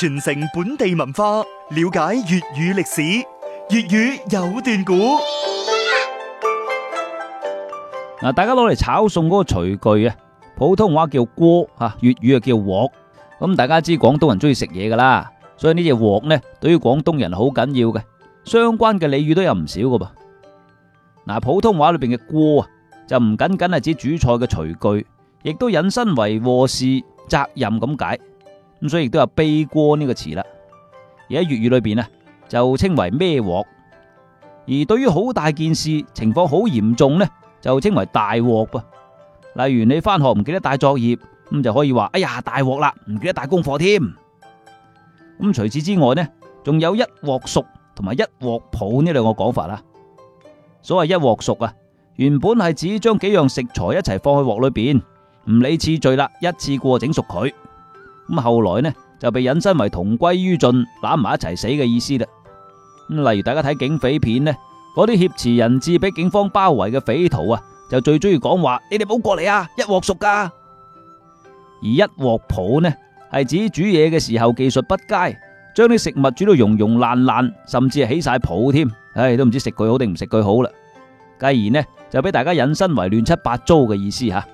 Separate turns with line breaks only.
傳承本地文化，了解粵語歷史，粵語有段古。嗱，大家攞嚟炒餸嗰個廚具啊，普通話叫鍋吓，粵語啊叫鑊。咁大家知廣東人中意食嘢噶啦，所以呢隻鑊咧，對於廣東人係好緊要嘅。相關嘅俚語都有唔少噶噃。嗱，普通話裏邊嘅鍋啊，就唔僅僅係指煮菜嘅廚具，亦都引申為禍事、責任咁解。咁所以亦都有背鍋呢個詞啦，而喺粵語裏邊呢就稱為咩鑊，而對於好大件事、情況好嚴重呢就稱為大鑊噃。例如你翻學唔記得帶作業，咁就可以話，哎呀，大鑊啦，唔記得帶功課添。咁除此之外呢仲有一鑊熟同埋一鑊泡呢兩個講法啦。所謂一鑊熟啊，原本係指將幾樣食材一齊放喺鑊裏邊，唔理次序啦，一次過整熟佢。咁後來呢就被引申為同歸於盡、攬埋一齊死嘅意思啦。例如大家睇警匪片呢，嗰啲挾持人質俾警方包圍嘅匪徒啊，就最中意講話：你哋唔好過嚟啊，一鑊熟㗎。而一鑊泡呢，係指煮嘢嘅時候技術不佳，將啲食物煮到溶溶爛爛，甚至係起晒泡添。唉，都唔知食佢好定唔食佢好啦。繼而呢，就俾大家引申為亂七八糟嘅意思吓。